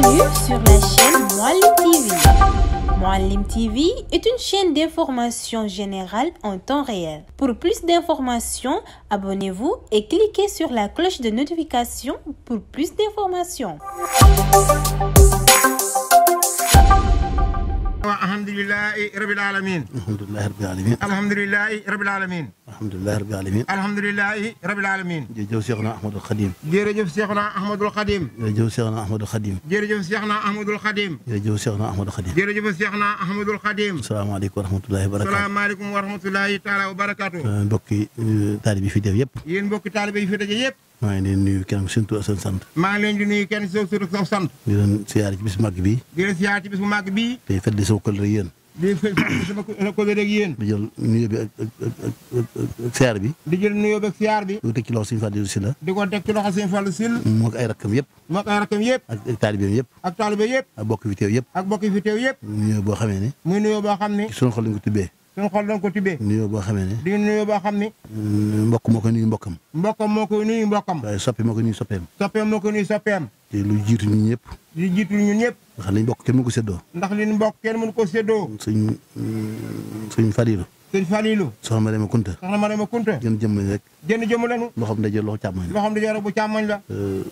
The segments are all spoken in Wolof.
Bienvenue sur la chaîne Mouhalim TV. Mouhalim TV est une chaîne d'information générale en temps réel. Pour plus d'informations, abonnez-vous et cliquez sur la cloche de notification pour plus d'informations. alhamdulillahi rabbil alamin alhamdulillahi rabbil alamin alhamdulillahi rabbil alamin alhamdulillahi rabbil alamin alhamdulillahi rabbil alamin jërëjëf Cheikhna Ahmadul Khadim jërëjëf Cheikhna Ahmadul Khadim jërëjëf Cheikhna Ahmadul Khadim jërëjëf Cheikhna Ahmadul Khadim jërëjëf Cheikhna Ahmadul Khadim jërëjëf Cheikhna Ahmadul Khadim assalamu alaykum wa rahmatullahi wa barakatuh assalamu alaykum wa rahmatullahi taala wa barakatuh mbokki euh, taalibe yi fi teew yëpp yéen mbokki taalibe yi fi daje yëpp maa ngi leen di nuyu kenn seen tur ak sant. maa ngi leen di nuyu kenn seen tur ak seen sant. di leen ci bis bu màgg bii. di leen ci bis bu màgg bii. tey fedd sama kër rek rek yéen. di jël nuyoo bi ak siyaar bi. di jël nuyoo bi ak siyaar bi. di ko teg ci loxo Sëñ Fallou Sylla. di ko teg ci loxo Sëñ Fallou Sylla. ay rakkam yëpp. moo ko ay rakkam yëpp. ak taalibeem yëpp. ak taalibe yëpp. ak bokk fi teew yëpp. ak bokk fi teew boo xamee ne. muy nuyoo boo xam ne. ci sunu xol lañ suñu xol doon ko tibbee. nuyoo boo xamee ne. di nuyoo boo xam ni. mbokk moo koy nuyu mbokkam. mbokkam moo koy nuyu mbokkam. waaye soppe moo koy nuyu soppeem. soppeem moo koy nuyu soppeem. te lu jiitu ñun ñëpp. lu jiitu ñun ñëpp. ndax liñ bokk kenn mënu ko séddoo. ndax liñ bokk kenn mënu ko séddoo. suñ suñ fadilu. sëñ Falilou. soxna Mariama Kunta. soxna Mariama Kunta. jën jëmm lañ rek. jën jëmm lañu. loxoom ndaje loxo càmmoñ la. loxoom ndaje rek bu càmmoñ la. Euh,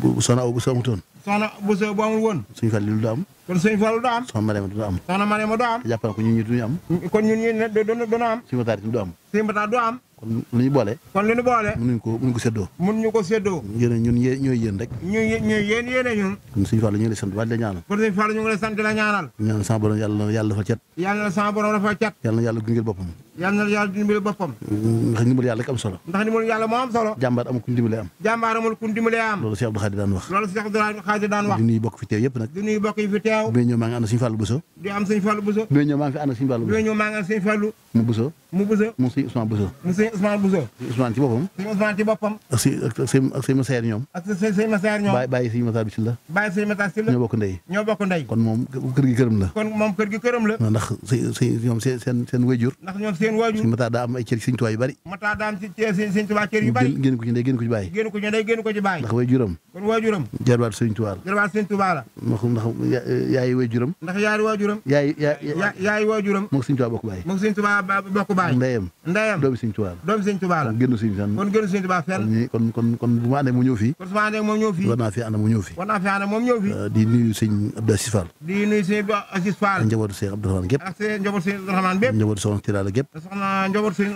bu bu soxna aw bu soomutoon. soxna Bousso bu amul woon suñu fàllu lu du am kon suñu fàllu du am soxna Mariama du am soxna Mariama du am jàpp na ko ñun ñi duñu am kon ñun ñi ne du am suñu mataar du am suñu mataar du am kon lu ñu boole kon lu ñu boole mënuñ ko mënuñ ko séddoo mën ñu ko séddoo yéen ñun ñooy yéen rek ñu ñooy yéen yéene ñun kon suñu fàllu ñu ngi lay sant waaj la ñaanal kon suñu fàllu ñu ngi lay sant la ñaanal ñaan sama borom yàlla yàlla dafa cat yàlla na sama borom dafa cat yàlla na yàlla gungeel boppam yàlla na yàlla dimbali boppam ndax dimbali yàlla rek am solo ndax dimbali yàlla moo am solo jàmbaar amul ku dimbalee am jàmbaar amul ku dimbalee am loolu Cheikh Abdou Khadre daan wax Baay di daan wax. di nuyu bokk fi teew yëpp nag. di nuyu bokk yi fi teew. bi ñëw maa ngi ànd suñu fàllu buso. di am suñu fàllu buso. bi ñëw maa ngi fi ànd suñu fàllu buso. bi ñëw maa ngi ànd suñu fàllu. mu buso. mu buso mu suñu Ousmane buso. mu suñu Ousmane buso. suñu Ousmane ci boppam. suñu Ousmane ci boppam. ak si ak seen ak seen masaar ñoom. ak seen seen masaar ñoom. bàyyi bàyyi suñu masaar bi si la. bàyyi suñu masaar si la. ñoo bokk ndey. ñoo bokk ndey. kon moom kër gi këram la. kon moom kër gi këram la. ndax si si ñoom seen seen seen wayjur. ndax ñoom seen wayjur. suñu mataa daa am ay cër suñu tuwaay yu bari. mataa daa am ci cër suñu tuwaay cër yu bari. génn ko ci ndey génn ko ci bàyyi. génn ko ci ndey génn ko ci bàyyi. ndax wayjuram. kon wayjuram. jarbaat suñu tuwaay Touba la. jarbaat sëñ Touba la. ndax yaay waajuram. ndax yaay waajuram. yaay yaay yaay waajuram. moog sëñ Touba bokk baay. moog sëñ Touba bokk baay. ndeyam. ndeyam doomi sëñ Touba la. doomi sëñ Touba la. kon gënu sëñ fenn. kon gënu sëñ Touba fenn. kon kon kon bu ma àndee mu ñëw fii. kon su ma àndee moom ñëw fii. war naa fi ànd mu ñëw fii. war naa fi ànd moom ñëw fii. Euh, di nuyu sëñ Abdou Assis Fall. di nuyu sëñ Assis Fall. ak njabootu sëñ Abdou Rahman gépp. ak sëñ njabootu sëñ Abdou Rahman bépp. njabootu soxna Tiraala gépp. soxna njabootu sëñ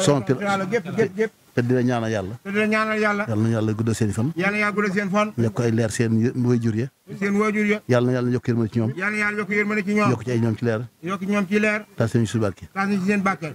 Soxna Tiraala gépp gépp gépp te di la ñaanal yàlla. te di la ñaanal yàlla. yàlla na yàlla guddal seen ay leer seen waajur ya. seen waajur ya. yàlla na yàlla yokk ci ñoom. yàlla na yàlla yokk ci ñoom. yokk ay ñoom ci leer. yokk ñoom ci leer. taas ci seen barke.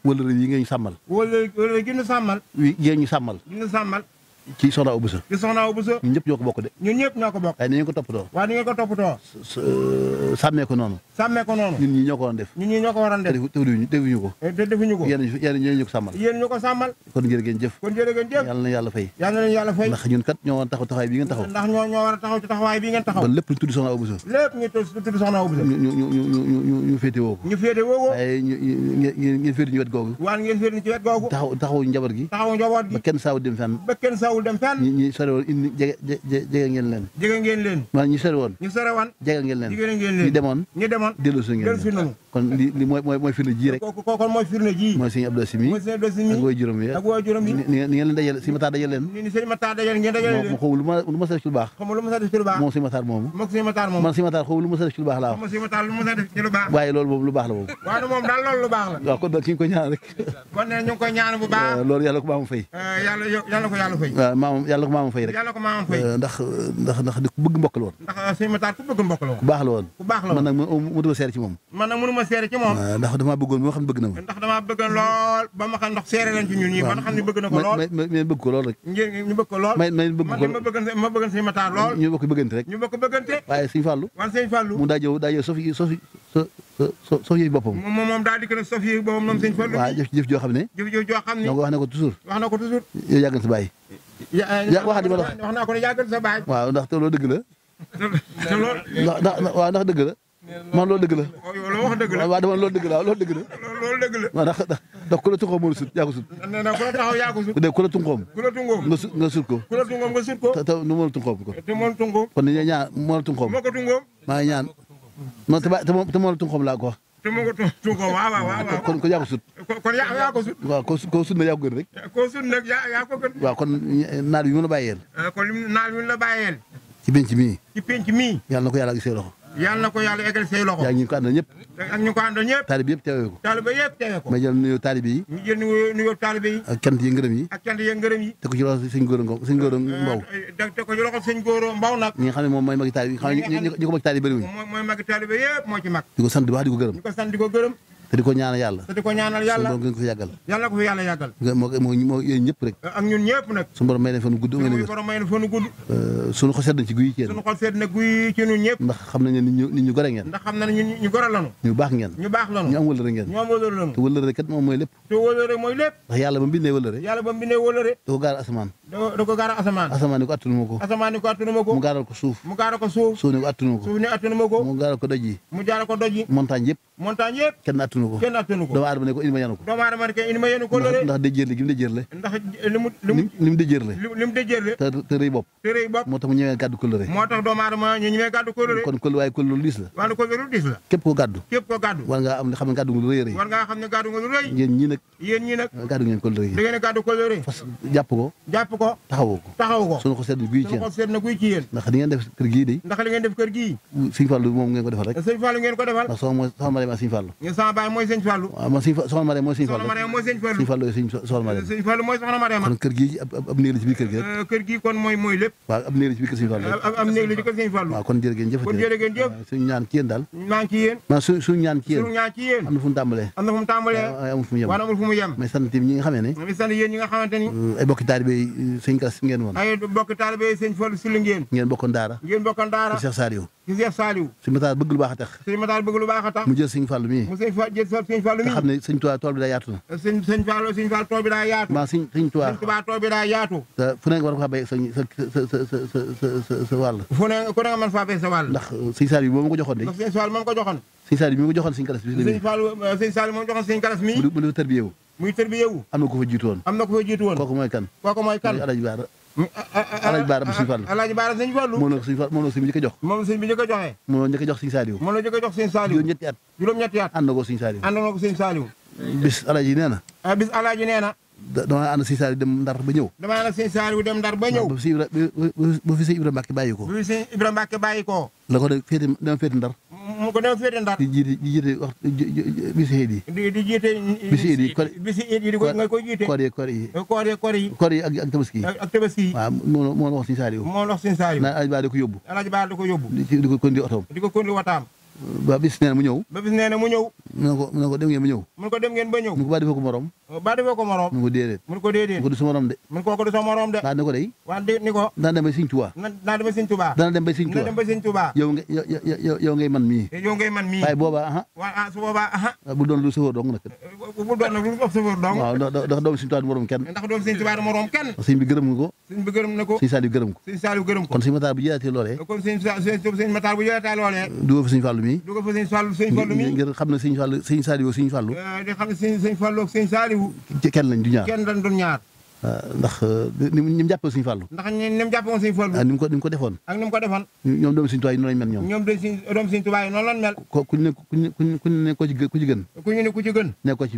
wëlëre yi ngay sàmmal. wëlëre wëlëre gi ñu sàmmal. wi gee ñu sàmmal. gi ci soxna Awa Boussa ci soxna Awa Boussa ñun ñëpp ñoo ko bokk de ñun ñëpp ñoo ko bokk waaye ni ngeen ko toppatoo waaye ni ngeen ko toppatoo euh, sàmmee ko noonu sàmmee ko noonu ñun ñii ñoo ko waroon def ñun ñii ñoo ko waroon def defuñu defuñu ko te eh, defuñu ko yéen yéen ñu ko sàmmal yéen ñu ko sàmmal kon jërë ngeen jëf kon jërë ngeen jëf yàlla na yàlla fay yàlla na yàlla fay ndax ñun kat ñoo war a taxaw taxawaay bi ngeen taxaw ndax ñoo ñoo war a taxaw ci taxawaay bi ngeen taxaw kon lépp ñu tudd soxna Awa Boussa lépp ñu tudd soxna Awa Boussa ñu féete woo ko ñu féete woo ko waaye ngeen féete ñu wet googu waaye ngeen féete ñu ci wet googu taxaw taxaw njaboot gi taxaw njaboot gi ba kenn saaw dem fenn daawul dem fenn. ñi ñi sori woon indi jege jege ngeen leen. jege ngeen leen. maanaam ñi sori woon. ñi sori woon jege ngeen leen. jege ngeen leen ñi demoon. ñi demoon dellusi ngeen leen kon li li mooy mooy firnde ji rek. kooku kooku mooy firnde ji. mooy sëñ Abdou Simi. mooy sëñ Abdou Simi ak woy juróom yi. ak woy juróom yi ni ngeen leen dajale sëñ Matar dajale leen. ni sëñ Matar dajale ngeen dajale leen. xaw lu ma lu ma sa def ci lu baax. xaw ma lu ma sa def ci lu baax. moom sëñ Matar moomu. moom sëñ Matar moomu. man sëñ Matar xaw lu ma sa def ci lu baax laa wax. moom sëñ Matar lu ma sa def ci lu baax. waaye loolu moom lu baax la moom. waaw moom daal loolu lu baax la. waaw kon daal ki ñu ko ñaan rek. kon ne ñu ngi koy ñaan bu baax. loolu yàlla ko baax mu fay. Eh, yàlla yàlla ko yàlla fay waaw maamam yàlla ko maamam fay rek yàlla ko maamam fay euh, ndax ndax ndax di ku bëgg mbokk la woon ndax euh, sëñ Matar ku bëgg mbokk la woon ku baax la woon ku baax la woon man nag mënuma seere euh, lool ba ma ko bëgg ko lool lool may may lool ñu sofi sofi so so sof yëfi boppam moom moom daal di ko def sof yëfi boppam moom joo xam ne jëf jëf joo xam ne na ko toujours wax na ko toujours yow yàggal sa baay ya eh, waxaat ma wax wax naa ko ne yàggal sa baay waaw ndax te loolu dëgg la ndax waaw ndax dëgg la man loolu dëgg la loolu wax dëgg la waaw dama dëgg la loolu dëgg la loolu dëgg la la tunxoom moo la sut yaa ko sut nee na ku la taxaw yaa ko sut ku la tunxoom ku la tunxoom nga sut nga sut ko ku la nga sut ko te moo la ko te ñaan non te ba te moom te moom la Tuxum laa ko wax. te mu ko Tuxum waaw waaw waaw. kon kon yaa ko sut. kon yaa yaa ko sut. waaw koo koo sut nag yaa ko gën rek. koo sut nag yaa yaa ko gën. waaw kon naal bi mën a bàyyeel. Eh, kon naal bi mën a bàyyeel. ci penc mii. ci penc mii. yàlla na ko yàlla gisee loxo. yàlla na ko yàlla eggal say yaa ngi ko àndal ñëpp. ak ñu ko àndal ñëpp. taalib yëpp teewee ko. taalib yi. ñu jël nuyoo yi. ak cant yi yi. ak cant yi yi. te ko ci loxo sëñ góor Mbow sëñ góor Mbow. Eh, eh, te ko ci loxo sëñ góor Mbow nag. ñi nga xam ne moom mooy yi ko magi ko sant te di ko ñaanal yàlla te di ko ñaanal yàlla suñu borom gën ko fi yàggal yàlla ko fi yàlla yàggal moo moo yéen ñëpp rek ak ñun ñëpp nag suñu borom may euh, na fanu gudd ko suuf suuf ni ko attunu ko suuf ni attunu ko mu gaaral ko doj yi mu ko doj yi montagne yëpp montagne yëpp kenn attanu ko kenn attanu ko doomu aadama ne ko indi ma yanu ko doomu aadama ne ko indi ma yanu ko loole ndax dëjërle gi mu dëjërle ndax li mu li mu dëjërle li mu dëjërle te te rëy bopp te rëy bopp moo tax mu ñëwee gàddu kóllëre moo tax doomu aadama ñu ñëwee gàddu kóllëre kon kóllëre waaye kóllëre lu diis la waaye kóllëre lu diis la képp ko gàddu képp ko gàddu war ngaa am ne xam ne gàddu nga lu rëy rëy war ngaa xam ne gàddu nga lu rëy yéen ñii nag yéen ñii nag gàddu ngeen kóllëre yi da ngeen gàddu kóllëre fas jàpp ko jàpp ko taxawu ko taxawu ko suñu ko seet guy ci yéen suñu ko seet na guy ci yéen ndax li ngeen def kër gii de ndax li ngeen def kër gii Sëñ Fallu moom ngeen ko defal rek Sëñ Fallu ngeen ko defal ndax sama sama ma Sëñ Fallu mooy sëñ Fallou waaw ah, ma sëñ soxna Mariama mooy sëñ Fallou soxna Mariama mooy sëñ Fallou sëñ Fallou sëñ soxna Mariama sëñ Fallou mooy soxna Mariama kon kër gi ab ab néeg la ci biir kër gi rek euh, kër gi kon mooy mooy lépp waaw ab néeg la ci biir kër sëñ Fallou ab néeg la ci kër sëñ Fallou waaw kon jërë ngeen jëf kon jërë ngeen jëf suñu ñaan ci yéen daal ñaan ci yéen ma su suñu ñaan ci yéen suñu ñaan ci yéen am na fu mu tàmbalee am na fu mu tàmbalee waaye amul fu mu yem waaye amul fu mu yem mais sant ñi nga xamee ne mais sant yéen ñi nga xamante ni euh, ay bokki taalibe euh, sëñ Kass ngeen woon ay bokki taalibe sëñ Fallou si li ngeen ngeen bokkoon daara ngeen bokkoon daara Cheikh Saliou Cheikh Saliou suñu mataar bëgg lu baax a tax suñu mataar bëgg lu baax a tax mu jël sëñ Fallou mii jël sol sëñ Fallou mi nga xam ne sëñ Tuubaa tool bi daa yaatu na sëñ sëñ Fallou sëñ Fallou tool bi daa yaatu mbaa sëñ sëñ Tuubaa sëñ Tuubaa tool bi daa yaatu te fu ne nga war faa béy sa sa sa sa sa wàll fu ne ku ne nga mën faa béy sa wàll ndax sëñ Sall bi moom ko joxoon de ndax sëñ Sall moom ko joxoon sëñ Sall bi moom ko joxoon sëñ Kalas bi sëñ Fallou sëñ Sall moom joxoon sëñ Kalas mi mu dafa tërbiyewu muy tërbiyewu am na ko fa jiitu woon am na ko fa jiitu woon kooku mooy kan kooku mooy kan Alaaji Baara alaaji baara bu suñu fàllu alaaji baara suñu fàllu moom la suñu fàllu moom la suñu bi njëkk a jox moom suñu bi njëkk a joxe moom la njëkk a jox bis alaaji nee alaaji nee damaa ànd si saal dem ndar ba ñëw. damaa ànd si saal dem ndar ba ñëw. ba fi ba fi si Ibrahima Mbacke bàyyi ko. ba fi si Ibrahima Mbacke bàyyi ko. la ko def féete dama féete ndar. mu ko dama féete ndar. di jiite di jiite wax bisi xeet yi. di di jiite. bisi xeet yi bisi xeet yi nga koy jiite. koor yi koor yi. koor yi koor yi. koor yi ak ak tabaski yi. ak tabaski yi. waaw moo moo wax si saal yi. moo wax si saal yi. naan Alioune Ba di ko yóbbu. Alioune Ba di ko yóbbu. di ko kondi otoom. di ko kondi wataam. ba bis nee na mu ñëw. ba bis nee na mu ñëw. mu ne ko mu ne ko dem ngeen ba ñëw. mu ne ko dem ngeen ba ñëw. mu ne ko ba defee ko morom. ba defee ko morom mun ko déedéet mun ko déedéet mun ko du sa morom de mun kooku du sa morom de daa ne ko day waa di ni ko dana dem ba Sëñ Tuubaa dana dem ba Sëñ Tuubaa dana dem ba Sëñ Tuubaa dana dem ba Sëñ Tuubaa yow nga yow yow ngay man mii yow ngay man mii waaye boobaa aha waa ah, su boobaa aha bu doon lu sëfër dong nag bu doon nag lu sëfër dong waaw ndax doomu Sëñ Tuubaa du morom kenn ndax doomu Sëñ Tuubaa du morom kenn sëñ bi gërëm nga ko sëñ bi gërëm na ko sëñ Saliou gërëm ko sëñ Saliou gërëm ko kon sëñ Matar bu jëlaatee loolee kon sëñ sëñ Matar bu jëlaatee loolee dugal fa sëñ Fallou mii dugal fa sëñ Fallou sëñ Fallou mii ngir xam ne sëñ Fallou sëñ Saliou sëñ Fallou eh, di xam ne sëñ Fallou sëñ Saliou néew. kenn lañ du ñaar kenn lañ du ñaar. Ah, ndax euh, ni mu jàppoon ndax ni mu jàppoon suñu fàllu. Ah, ko defoon. ak ni ko defoon. ñoom doomu suñu tubaab mel ñoom. ñoom doomu suñu mel. ku ne ku ñu ne ku ne ku ci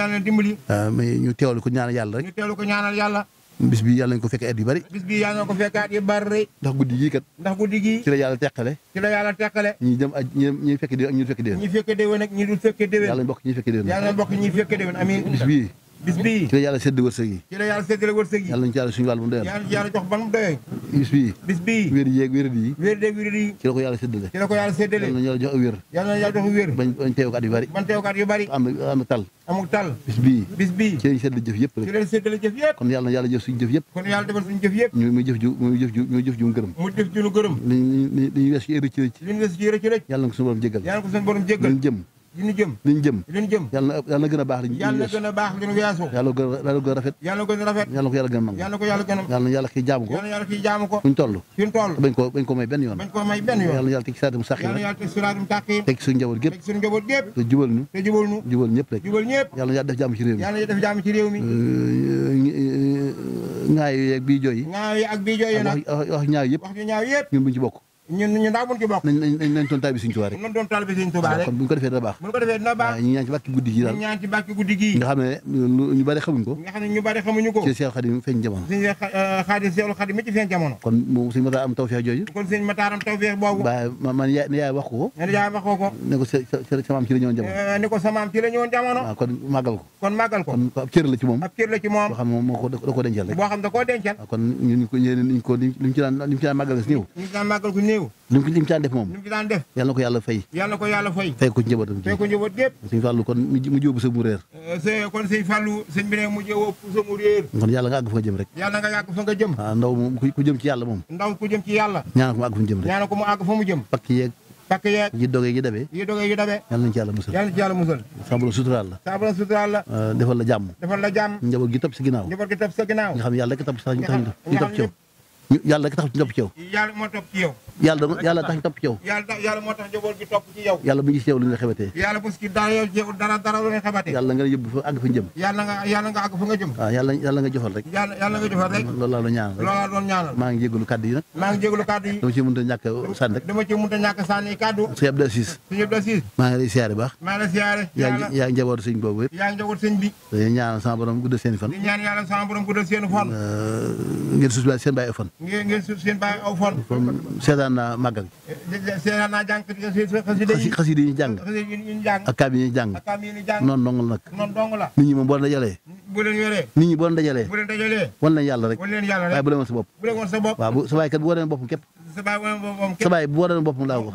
yàlla na dimbali. Ah, mais ñu teewlu ko ñaanal yàlla ñu teewlu ko ñaanal bari. ndax guddi gii kat. ndax guddi gii. ci la yàlla ñi dem ak ñi ñi fekkee ñi dul fekkee déwén. bis mmh. bii ci la yàlla sédd wërsëg yi ci la yàlla sédd wërsëg yi yàlla nañu ci yàlla suñu wàll bu mu doyal yàlla ci yàlla jox ba mu doyee bis bii bis bii wér yeeg wér yi wér yeeg wér yi ci la ko yàlla séddale ci la ko yàlla séddale yàlla nañu yàlla jox wér yàlla nañu yàlla jox wér bañ teew ko at yu bari bañ teew ko at yu bari am am tal amul tal bis bii bis bii ci lañ séddale jëf yëpp ci lañ séddale jëf yëpp kon yàlla na yàlla jëf suñu jëf yëpp kon yàlla defal suñu jëf yëpp muy jëf ju muy jëf ju muy jëf ju mu gërëm muy jëf ju mu gërëm li ñu wees ci rëcc rëcc li ñu wees ci rëcc rëcc yàlla na ko suñu borom jéggal yàlla na ko suñu borom jéggal jëm li ñu jëm li ñu jëm li ñu jëm yàlla na yàlla na gën a baax li ñu weesu yàlla na gën a baax li ñu weesu yàlla gën a yàlla gën a rafet yàlla gën a rafet yàlla na ko yàlla gën a nangu yàlla na ko yàlla gën a yàlla na yàlla kii jaamu ko yàlla na yàlla kii jaamu ko fuñ toll fuñ toll bañ ko bañ ko may benn yoon bañ ko may benn yoon yàlla na yàlla teg ci siraatum sax yàlla na yàlla teg siraatum tàkk teg suñu njaboot gépp teg suñu njaboot gépp te jubal ñu te jubal ñu jubal ñëpp rek jubal ñëpp yàlla na yàlla def jàmm ci réew mi yàlla na def jàmm ci réew mi ñaayu yeeg bii jooy yi ñaayu ak bii jooy yi nag wax ñaaw yëpp wax ñaaw yëpp ñun buñ ci bokk ñun ñu ndax mun ci bokk nañ nañ doon taalibe Sëriñ Tuubaa rek nañ doon taalibe Sëriñ Tuubaa rek kon bu ñu ko defee dina baax bu ñu ko defee dina baax ñu ñaan ci bàkki guddi gi daal ñu ñaan ci bàkki guddi gi nga xam ne ñu bari xamuñ ko nga xam ne ñu bari xamuñu ko ci Seexul Xadim feeñ jamono ci euh, Seexul Xadim mi ci feeñ jamono kon mu Sëriñ Mataar am tawfeex jooju kon Sëriñ Mataar am tawfeex boobu ba man yaay wax ko ko yaay wax ko ko euh, ne ko sa maam ci la ñëwoon jamono ne ko sa maam ci la ñëwoon jamono kon màggal ko kon màggal ko kon ab cër la ci moom ab cër la ci moom boo xam ne moo ko da koo dencal rek boo xam da koo dencal ah, kon ñu ko ñu ko ñu ci daan ñu ci daan màggal ko néew néew li mu li mu daan def moom li mu daan def yàlla na ko yàlla fay yàlla na ko yàlla fay fay ko njabootam fay ko njaboot gépp sëñ Fallou kon mu jóobu sa mu réer euh, kon sëñ Fallou sëñ bi ne mu jóobu sa mu réer kon yàlla nga àgg fa nga jëm rek yàlla nga àgg fa nga jëm waaw ah, ndaw moom ku jëm ci yàlla moom ndaw ku jëm ci yàlla ñaana ko mu àgg fa mu jëm rek ñaana ko mu àgg fa mu jëm pakk yeeg pakk yeeg yi dogee yi dabee yi dogee yi dabee yàlla nañ ci yàlla musal yàlla nañ ci yàlla musal sabula suturaal la sabula suturaal la ah, defal la jàmm defal la jàmm njaboot gi topp sa ginnaaw njaboot gi topp sa ginnaaw nga xam yàlla rek topp sa ñu tax ñu topp yàlla rek tax ñu topp ci yow. yàlla moo topp ci yow. yàlla yàlla tax ñu topp ci yow. yàlla yàlla moo tax njaboot gi topp ci yow. yàlla bu ñu ci yow li nga xebatee. yàlla bu ci dara yow jéegul dara dara lu nga xebatee. yàlla nga yóbbu fa àgg fa jëm. yàlla nga yàlla nga àgg fa nga jëm. waaw ah, yàlla yàlla nga jofal rek. yàlla yàlla nga jofal rek. loolu laa doon ñaanal rek loolu laa doon ñaanal. maa ngi jégalu kàddu yi nag. maa ngi jégalu kàddu yi. dama ci mënta ñàkk a sànni rek. dama ci mënta ñàkk a sànni kàddu. sëñ Abdou Assis. sëñ Abdou Assis. maa ngi lay siyaare baax. maa ngi lay siyaare. yaa ngi njaboot sëñ boobu yëpp. yaa ngi njaboot sëñ bi. dañuy ñaanal sama borom guddal seen fan. di ñaan yàlla sama borom guddal seen fan. ngeen suuf seen bàyyi fan ngeen ngeen suuf seen baa aw fon. kon seetaan naa màggal. Eh, seetaan naa jàng xasida yi xasida yi ñu jàng. xasida yi ñu jàng ak kaam yi ñu bu leen yoree nit ñi boo leen dajalee bu leen dajalee wan leen yàlla rek wan leen yàlla rek waaye bu leen woon sa bopp bu leen woon sa bopp waaw bu sa baay kat bu waroon boppam képp sa baay woon boppam képp sa baay bu waroon boppam laaw ko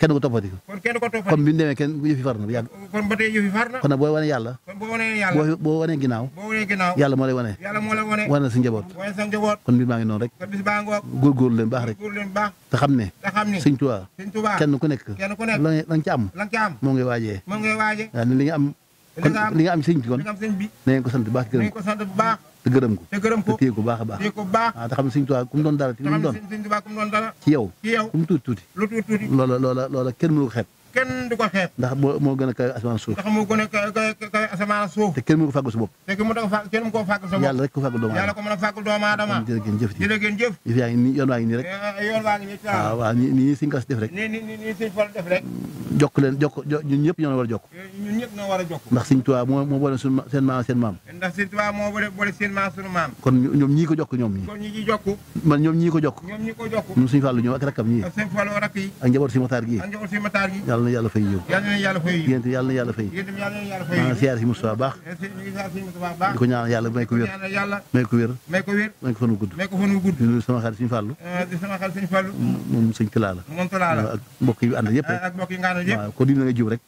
kenn ko toppati ko kon kenn ko toppati kon bi mu demee kenn yëfi far na yàgg kon ba tey yëfi na kon nag boo wanee yàlla boo wanee yàlla wane sa njaboot kon mbir maa ngi noonu rek kon bis baa ngoog rek te ne sëñ kenn ku la nga ci am moo ngay waajee waaw ni li nga am li nga am sëñ bi kon bi na ngeen ko sant bu te gërëm ko te gërëm ko te téye ko baax a baax téye ko baax ah, te xam ne sëñ Tuubaa doon dara ci lu doon ci yow ku mu tuuti tuuti loola loola loola kenn mënu ko kenn du ko xeeb. ndax moo moo gën a kawe asamaan suuf. ndax moo gën a kawe asamaan suuf. te kenn mu ko fàggul sa bopp. te kenn mu ko fàgg kenn mu ko fàggul sa bopp. yàlla rek ko fàggul doomu aadama yàlla ko mën a fàggul doomu aadama. jërë ngeen jëf jërë ngeen jëf. yëf yaa ngi nii yoon waa ngi nii rek. yoon waa ngi nii ci waaw waaw nii nii suñ kas def rek. nii nii nii suñ fol def rek. Mm, jokk leen jokk ñun ñëpp ñoo war a jokk. ñun ñëpp ñoo war a jokk. ndax Sëñ Tuubaa moo moo boole suñu seen maam seen maam. ndax Sëñ Tuubaa moo boole seen maam suñu maam. kon ñoom ñii ko jokk ñoom ñii. kon ñi ci jokk. man ñoom ñii ko jokk. ñoom ñii ko jokk. ñun Sëñ Fallu ñoom ak rakkam ñii. ak Sëñ Fallu rakk yi. ak njaboot si Mataar gi. ak njaboot si Mataar gi. na yàlla fay yiw yàlla na yàlla fay yiw yéen itam yàlla na yàlla fay maa ngi siyaar si Moustapha baax di ko ñaanal yàlla may ko wér may ko wér may ko wér may ko fan wu gudd may ko fan wu gudd di sama xarit suñu fàllu eh, di sama xarit suñu fàllu moom sëñ Talla la moom Talla la ak mbokk yi ànd yëpp eh, ak mbokk yi nga ànd yëpp waaw ko lim da ngay juum rek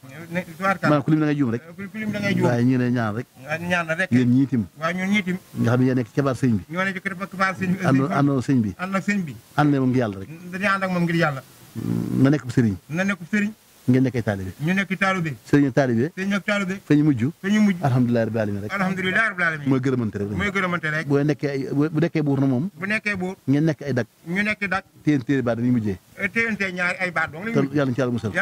maanaam ku lim da ngay juum rek eh, waaye ñu ne ñaan rek ñaan rek yéen ñii tim waaw ñun ñii tim nga xam ne yéen nekk cabaar sëñ bi ñoo nekk cabaar sëñ bi àndoon sëñ bi ànd ak sëñ bi ànd moom ngir yàlla rek dañuy ànd ak moom ngir yàlla mm, na nekk sëriñ na nekk sëriñ ngeen nekkee taalibe ñu nekk taalibe sëriñ taalibe sëriñ ak taalibe fa ñu mujj fa ñu mujj alhamdulilah rabbil rek alhamdulilah rabbil alamin bu nekkee ay buur na moom bu nekk ay dag ñu nekk dag eh, ay baat dong lañu yàlla ci yàlla musal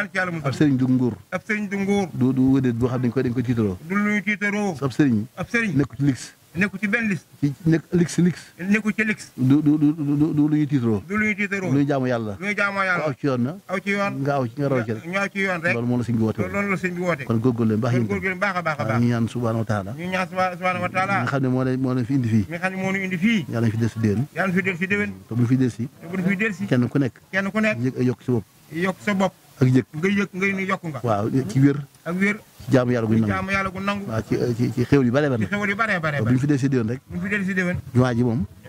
ab sëriñ du nguur du nguur du du wëdeet boo xam dañ koy du lu ñu tiitaroo ab sëriñ nekk ci nekkul ci benn liste. ci nekk lix lix. nekkul ci lix. du du du du du lu ñuy tiitaroo. du lu ñuy tiitaroo. lu ñuy jaamu yàlla. lu ñuy jaamu yàlla aw ci yoon na. aw ci yoon nga aw ci nga raw ci rek. ñu aw ci yoon rek loolu moom la sëñ bi woote. loolu la sëñ bi woote. kon góorgóorlu leen baax yi. góorgóorlu leen baax a baax a baax. ñu ñaan subhaana wa taala. ñu ñaan subhaana wa taala. nga xam ne moo leen moo leen fi indi fii. nga xam ne moo ñu indi fii. yàlla ñu fi del si déwén. yàlla ñu fi del si déwén. te bu ñu fi del si. te bu ñu fi del si. kenn ku nekk. kenn ku nekk yëg yokk sa bopp. yokk sa bopp. ak yëg nga yëg nga yokk nga. waaw ci wér. ak wér jaamu yàlla gu nangu jaamu yàlla gu nangu waaw eh, ci ci xéwal yu bëree bëri ci xéwal yu rek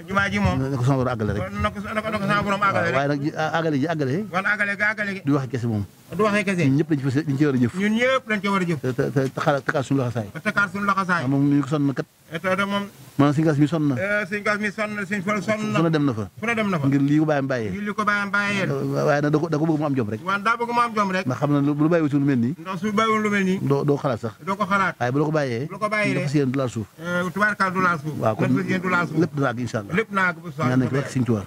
jumaa ji moom na ko sama borom àggale rek na ko sama borom àggale rek waaye nag àggale ji àggale du wax kese moom du waxee kese ñun ñëpp dañ ci war a jëf ñun ñëpp dañ ci war a jëf te te takkaat suñu laxasaay te takkaat suñu laxasaay ah, moom ñu ko sonn kat te moom maanaam suñu gas mi sonn na euh, suñu gas mi sonn na suñu fol sonn na fu ne dem na fa fu ne dem na fa ngir lii ko bàyyam bàyyee ngir lii ko bàyyam bàyyee waaye nag da ko da ko bëgg mu am jom rek waaw daa bëgg mu am jom rek ndax xam na lu bàyyiwut lu mel nii ndax su bàyyiwul lu mel nii doo doo xalaat sax doo ko xalaat waaye bu la ko bàyyee bu la ko bàyyee dafa seen du laal suuf euh, tubaarkaal du laal suuf waaw kon lépp dana àgg incha allah lépp na àgg bu soxla ñaan nañ ko rek suñu tuwaa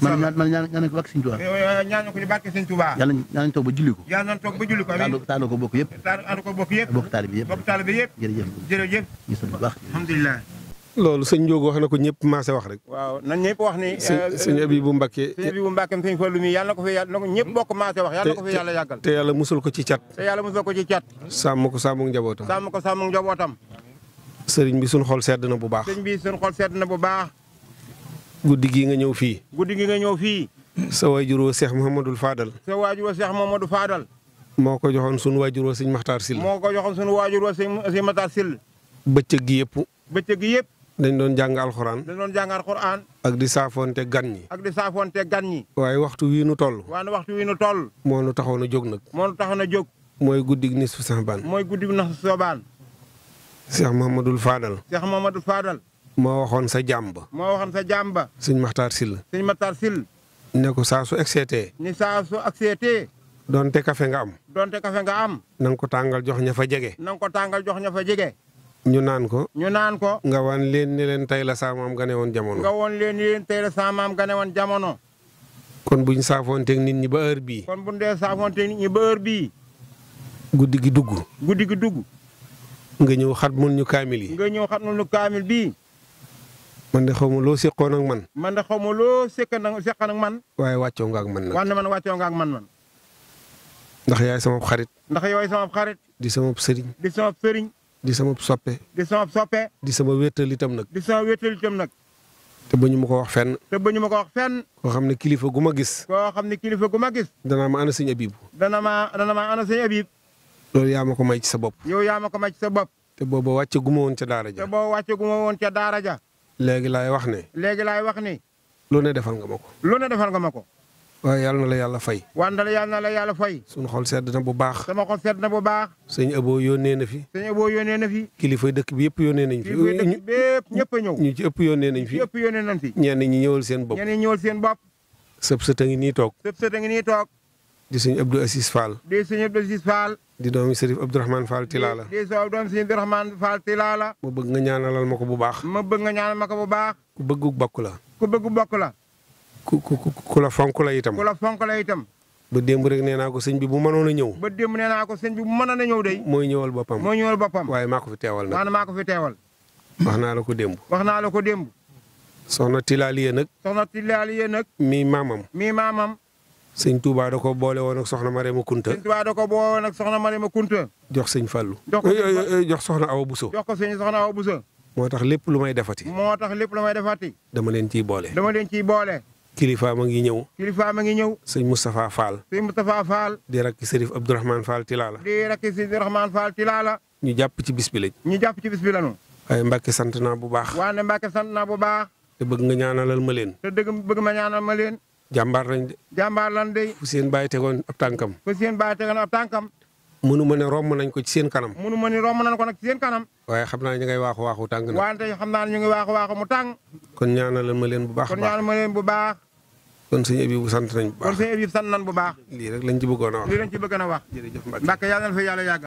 man ñaan ñaan ko bàkk sëñ Tuubaa ñaan ko ñu bàkk sëñ Tuubaa yàlla ñaan toog ba julli ko yàlla ñaan toog ba julli ko amiin taal ko bokk yëpp taal ko bokk yëpp bokk taal bi yëpp bokk taal bi yëpp jërëjëf jërëjëf ñu sant bu baax alhamdulilah loolu sëñ Njóogu wax na ko ñëpp maase wax rek waaw nan ñëpp wax ni sëñ eh, Abibu Mbàkke sëñ Abibu Mbàkke sëñ Fallu mi yàlla na ko fi yàlla na ko ñëpp bokk maase wax yàlla na ko fi yàlla yàggal te yàlla musul ko ci cat te yàlla musul ko ci cat sàmm ko sàmm njabootam sàmm ko sàmm njabootam sëriñ bi suñ xol sedd na bu baax sëriñ bi suñ xol sedd na bu baax guddi gi nga ñëw fii. guddi gi nga ñëw fii. sa waajur wa Cheikh Mouhamadul Fadal. sa waajur wa Cheikh Mouhamadou Fadal. moo ko joxoon sunu waajur wa sëñ Maxtaar Sil. moo ko joxoon sunu waajur wa sëñ Maxtaar Sil. bëccëg gi yëpp. bëccëg gi yëpp. dañ doon jàng alxuraan. dañ doon jàng alxuraan. ak di saafoonte gan ñi. ak di saafoonte gan ñi. waaye waxtu wii nu toll. waaye waxtu wii nu toll. moo nu taxoon a jóg nag. moo nu taxoon a jóg. mooy guddi gi nisfu Saabaan. mooy guddi gi na Saabaan. Cheikh Mouhamadul Fadal. Cheikh moo waxoon sa jàmba. moo waxoon sa jàmba. sëñ Maxtaar Sylla. sëñ Maxtaar Sylla. ne ko saa su egseetee. ni saa su egseetee. donte kafe nga am. donte kafe nga am. na ko tàngal jox ña fa jege. na ko tàngal jox ña fa jege. ñu naan ko. ñu naan ko. nga wan leen ni leen tey la saamaam gane woon jamono. nga wan leen ni leen tey la saamaam gane woon jamono. kon buñ saafoonteeg nit ñi ba heure bii. kon buñ dee saafoonteeg nit ñi ba heure bii. guddi gi dugg. guddi gi dugg. nga ñëw xat mun ñu kaamil yi. nga ñëw xat mun ñu kaamil bii. man de xaw ma loo seqoon ak man. man de xaw ma loo seqoon ak seqoon ak man. waaye wàccoo nga ak man nag. waaye man wàccoo nga ak man ndax yaay sama xarit. ndax yaay sama xarit. di sama sëriñ. di sama sëriñ. di sama soppe. di sama soppe. di sama wéetal nag. di sama wéetal itam nag. te ba ma ko wax fenn. te ba ma ko wax fenn. koo xam ne kilifa gu ma gis. koo xam ne kilifa gu ma gis. Abib. dana ma dana Abib. loolu yaa ko may sa bopp. yow yaa ma ko may ci sa bopp. te booba wàcce gu woon ca daara léegi laay wax ne. léegi laay wax ne. lu ne defal nga ma ko. lu ne defal nga ma ko. waaye yàlla na la yàlla fay. wanda la yàlla na la yàlla fay. sunu xol sedd na bu baax. sama xol sedd na bu baax. sëñ Abo yónnee na fi. sëñ Abo yónnee na fi. kilifa dëkk bi yëpp yónnee nañ fi. kilifa ñëpp ñëw. ñu ci ëpp yónnee nañ fi. ñëpp yónnee nañ fi. ñenn ñi ñëwal seen bopp. ñenn ñi ñëwal seen bopp. sëb sët a ngi nii ngi nii toog. di sëñ Abdou Assis Fall. di sëñ Abdou Assis Fall. di doomi Sërif Abdourahmane Fall Tilala. ma bëgg nga ñaanalal ma ko bu baax. ma bëgg nga ñaanal ma ko bu baax. ku bëggu bokk la. ku bëggu la. ku la fonk la itam. ku la fonk la itam. ba démb rek nee naa ko sëñ bi bu mënoon a ñëw. ba démb naa ko sëñ bi bu mënoon a ñëw de. mooy ñëwal boppam mooy ñëwal boppam. waaye maa ko fi teewal nag. maanaam maa ko fi teewal. wax naa la ko démb. naa la ko démb. soxna Tilaliya nag. soxna Tilaliya nag. mii maamam. mii maamam. sëñ Touba da ko boole woon ak soxna Marema Kunta. sëñ Touba da ko boole woon Kunta. jox sëñ Fallou. jox ko jox soxna Awa Bousso. jox ko sëñ soxna Awa Bousso. moo tax lépp lu may defati. moo tax lépp lu may defati. dama leen ciy boole. dama leen ciy boole. kilifa ma ngi ñëw. kilifa ma ngi ñëw. sëñ Moustapha Fall. sëñ Moustapha Fall. di rakki Serif Abdourahmane Fall Tilala. di rakki Serif Abdourahmane Fall Tilala. ñu jàpp ci bis bi lañ. jàpp ci bis bi lañu. waaye Mbacke sant naa bu baax. waaye Mbacke sant naa bu baax. te bëgg nga ñaanalal ma leen. ma leen. jàmbaar lañ de. jàmbaar lan de. fu seen bàyyi tegoon ab tànkam. fu seen bàyyi tegoon ab tànkam. munu ma ne romb nañ ko ci seen kanam. munu ma ne romb nañ ko nag ci seen kanam. waaye xam naa ñu ngay waaxu waaxu tàng na. wante xam naa ñu ngi waaxu waaxu mu tàng. kon ñaanal ma leen bu baax a baax kon ñaanal ma leen bu baax. kon sëñ Habib sant nañ bu baax lii rek lañ ci a wax lii lañ ci bëggoon a wax. jërëjëf Mbacke Mbacke